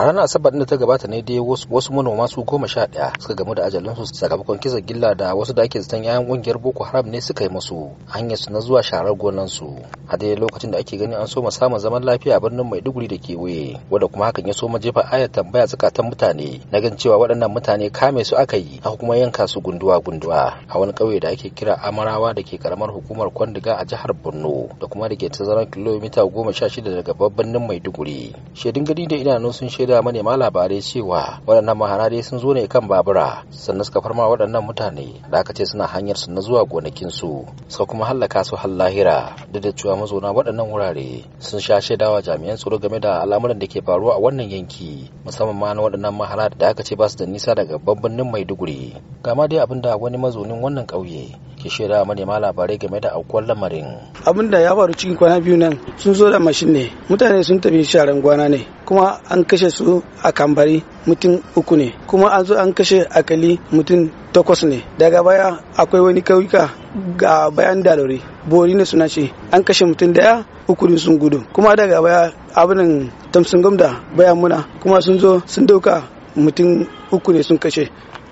a ranar asabar da ta gabata ne dai wasu manoma su goma sha ɗaya suka gamu da su sakamakon kisa gilla da wasu da ake zaton yayan ƙungiyar boko haram ne suka yi musu hanyar su na zuwa sharar su a dai lokacin da ake ganin an soma samun zaman lafiya a birnin maiduguri da ke kewaye wanda kuma hakan ya soma jefa ayar tambaya zukatan mutane na gan cewa waɗannan mutane kame su aka yi aka kuma yanka su gunduwa gunduwa a wani ƙauye da ake kira amarawa da ke karamar hukumar kwandiga a jihar borno da kuma da ke tazarar kilomita goma sha shida daga babban birnin maiduguri shaidun gani da idanu sun shaida shaida manema labarai cewa waɗannan mahana dai sun zo ne kan babura sannan suka farma waɗannan mutane da aka ce suna hanyar su na zuwa gonakinsu suka kuma hallaka su lahira duk da cewa mazauna waɗannan wurare sun sha shaidawa jami'an tsaro game da al'amuran da ke faruwa a wannan yanki musamman ma na waɗannan mahana da aka ce ba su da nisa daga babban birnin maiduguri kama dai abin da wani mazaunin wannan ƙauye ke shaida manema labarai game da aukuwar lamarin abin da ya faru cikin kwana biyu nan sun zo da mashin ne mutane sun tafi sharan gwana ne kuma an kashe su a kambari mutum uku ne kuma an zo an kashe akali mutum takwas ne daga baya akwai wani kauyuka ga bayan dalori bori ne suna ce an kashe mutum daya uku ne sun gudu kuma daga baya abinin tamsin gomda bayan muna kuma sun zo sun dauka mutum uku ne sun kashe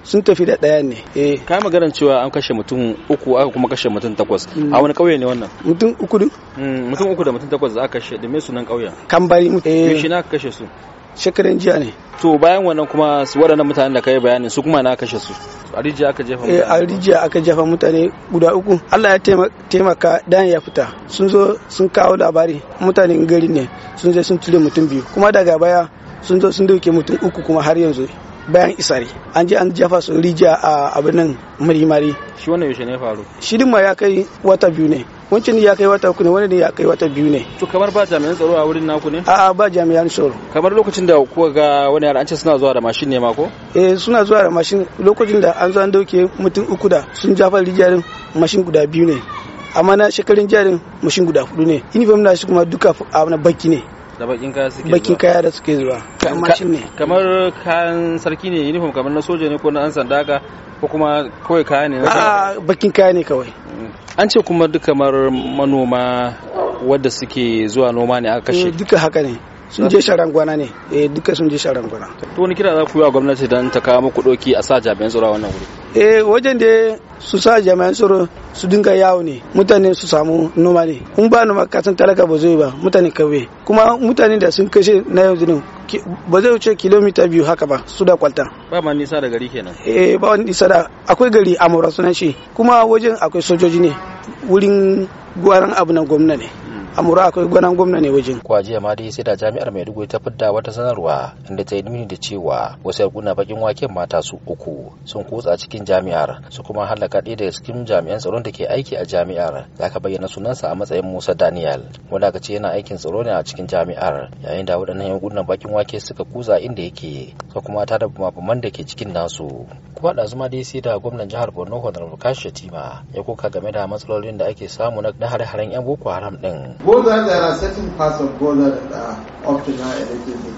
sun tafi da ɗaya ne eh kai magana cewa an kashe mutum uku aka kuma kashe mutum takwas mm. a wani ƙauye ne wannan mutum uku din mm, mutum uku da mutum takwas da aka kashe da me sunan ƙauyen kambari eh shi na kashe su shekaran jiya ne to bayan wannan kuma waɗannan mutanen da kai bayanin su kuma na kashe su a rijiya aka jefa mutane eh, a rijiya aka jefa mutane guda uku Allah ya taimaka dan ya fita sun zo sun kawo labari mutanen gari ne sun je sun cire mutum biyu kuma daga baya sun zo sun dauke mutum uku kuma har yanzu bayan isari an je an jefa su rijiya a abin nan marimari shi wannan yaushe ne faru shi ma ya kai wata biyu ne wancan ya kai wata uku ne wani ne ya kai wata biyu ne to kamar ba jami'an tsaro a wurin naku ne a'a ba jami'an tsaro kamar lokacin da kuka ga wani yara an ce suna zuwa da mashin ne ma ko eh suna zuwa da mashin lokacin da an zo an dauke mutum uku da sun jafa rijiyar mashin guda biyu ne amma na shekarun jarin mashin guda hudu ne uniform na shi kuma duka a baki ne da bakin kaya suke zuwa. bakin kaya da suke zuwa kamar ne kamar kayan sarki ne uniform kamar na soja ne ko na an sanda ka ko kuma kawai kaya ne a ah, bakin kaya ne kawai mm. an ce kuma duk kamar manoma wadda suke zuwa noma ne aka kashe eh, duka haka ne sun je sharan gwana ne eh duka sun je sharan gwana to wani kira za ku yi a gwamnati don ta kawo muku doki a sa jami'an tsaro a wannan wuri eh wajen da su sa jami'an tsaro su dinga yawo ne mutane su samu noma ne in ba noma kasan talaka ba zai ba mutane kawai kuma mutane da sun kashe na yanzu ne ba zai wuce kilomita biyu haka ba su da kwalta ba ma nisa da gari kenan eh ba wani nisa da akwai gari mura sunan shi kuma wajen akwai sojoji ne wurin gwaran abu na gwamna ne amura akwai gwanan gwamna ne wajen kwa jiya ma dai sai da jami'ar maiduguri ta fidda wata sanarwa inda ta yi nuni da cewa wasu yarguna bakin waken mata su uku sun kutsa cikin jami'ar su kuma halaka ɗaya daga cikin jami'an tsaron da ke aiki a jami'ar da ka bayyana sunansa a matsayin musa daniel wanda aka ce yana aikin tsaro ne a cikin jami'ar yayin da waɗannan yargunan bakin wake suka kutsa inda yake ko kuma tada bumabuman da ke cikin nasu kuma da zuma dai sai da gwamnan jihar borno honorable kashi shatima ya koka game da matsalolin da ake samu na hare-haren yan boko haram din Borders there are certain parts of borders are often now eligible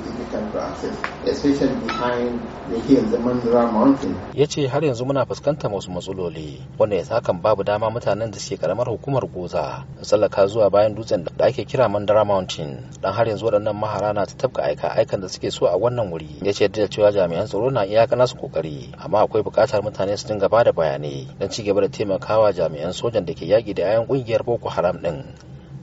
to access, especially behind the hill, the mountain. Ya ce har yanzu muna fuskantar wasu matsaloli wanda ya sakan babu dama mutanen da suke karamar hukumar goza da tsallaka zuwa bayan dutsen da ake kira Mandara mountain don har yanzu waɗannan mahara na ta tafka aika aikan da suke so a wannan wuri. Ya ce da cewa jami'an tsaro na iyaka nasu kokari amma akwai buƙatar mutane su dinga bada bayanai don ci gaba da taimakawa jami'an sojan da ke yaƙi da 'ya'yan ƙungiyar Boko Haram ɗin